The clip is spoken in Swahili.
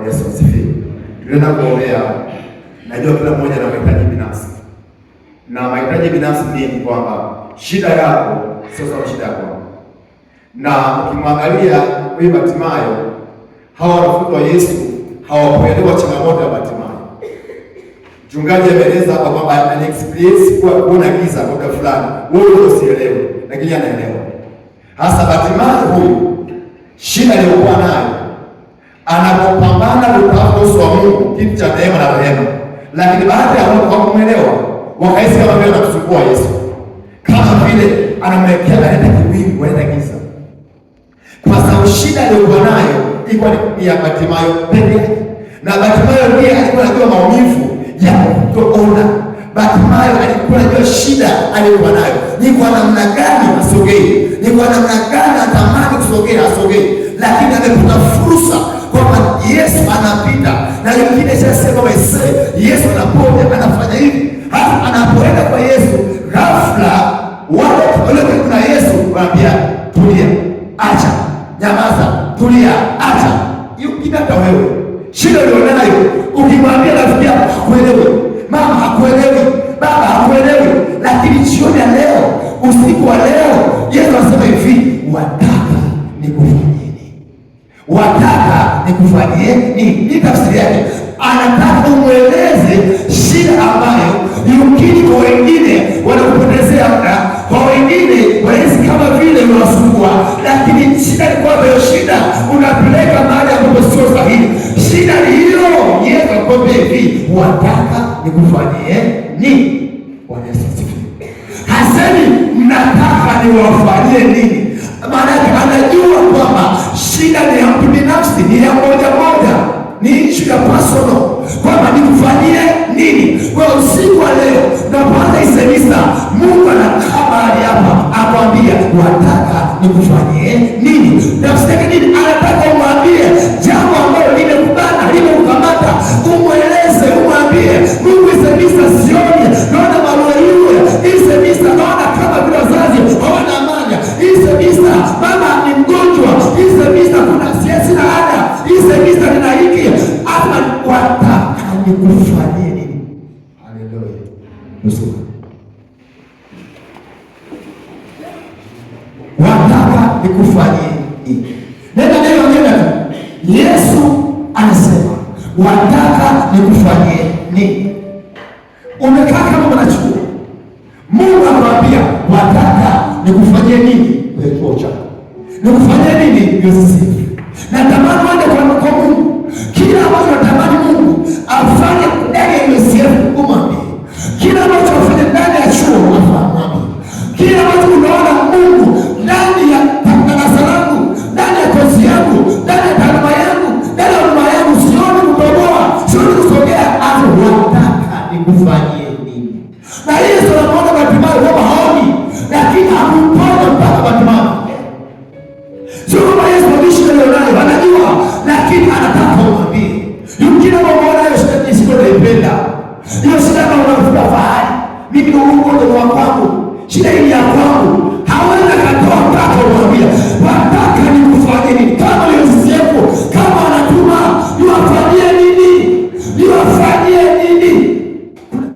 Bwana Yesu asifiwe. Tunaenda kuombea. Najua kila mmoja ana mahitaji binafsi, na mahitaji binafsi ni kwamba shida yako sio sawa shida yako, na ukimwangalia huyu batimayo hawa wanafunzi wa Yesu hawakuelewa changamoto ya Bartimayo. Mchungaji ameeleza hapa kwamba ana experience kwa kuona giza kwa fulani, wewe usielewe, lakini anaelewa hasa batimayo huyu shida aliyokuwa nayo hata kutafuta uso wa Mungu, kitu cha neema na rehema. Lakini baada ya watu wakumwelewa, wakahisi kama vile anamsumbua Yesu, kama vile anamwekea anaenda kiwingu, anaenda giza, kwa sababu shida aliyokuwa nayo ilikuwa ni ya Batimayo peke yake, na Batimayo ndiye alikuwa anajua maumivu ya kutoona. Batimayo alikuwa anajua shida aliyokuwa nayo ni kwa namna gani asogee, ni kwa namna gani atamani kusogea asogee, lakini amepata fursa alishasema waisee, Yesu anapoja anafanya hivi. hasa anapoenda kwa Yesu, ghafla wale walio karibu na Yesu wanaambia tulia, acha, nyamaza, tulia, acha. Ukidata wewe shida ulionayo nayo, ukimwambia rafiki yako hakuelewi, mama hakuelewi, baba hakuelewi, lakini jioni ya leo, usiku wa leo, Yesu anasema hivi, wataka nikufanyie wataka nikufanyie ni, ni tafsiri yake anataka umweleze shida ambayo yukini kwa wengine wanakupotezea muda, kwa wengine wanahisi kama vile unawasumbua, lakini shida ni kwamba hiyo shida unapeleka mahali ambapo sio sahihi. Shida ni hiyo yeka kwamba hivi wataka nikufanyie nini? Wanasifiwa. Hasemi mnataka niwafanyie nini? wataka nikufanyie nini? Nafsitaki nini? Anataka umwambie jambo ambalo limekubana, limekukamata, umweleze, umwambie Mungu isemisa sioni naona maluaiwe isemisa naona kama vile wazazi hawana amani, isemisa mama ni mgonjwa, isemisa kuna siesi na ada, isemisa nina hiki ama wataka nikufanyie nini? Haleluya. nikufanyie nini? Nenda neno nenda tu. Yesu anasema wataka nikufanyie nini? Umekaa kama mwanachuo. Mungu anakuambia, wataka nikufanyie nini? Wewe chako nikufanyie nini? Yesu. na tamani Kristo anapoona Bartimayo huwa haoni, lakini hakumpona mpaka Bartimayo. Sio kwamba Yesu aliishi nayo, anajua, lakini anataka umwambie. Yumkini unaona hiyo shida ni shida unaipenda. Hiyo shida kama unafuta fahari. Mimi ndio Mungu ndio wa kwangu. Shida hii ya kwangu.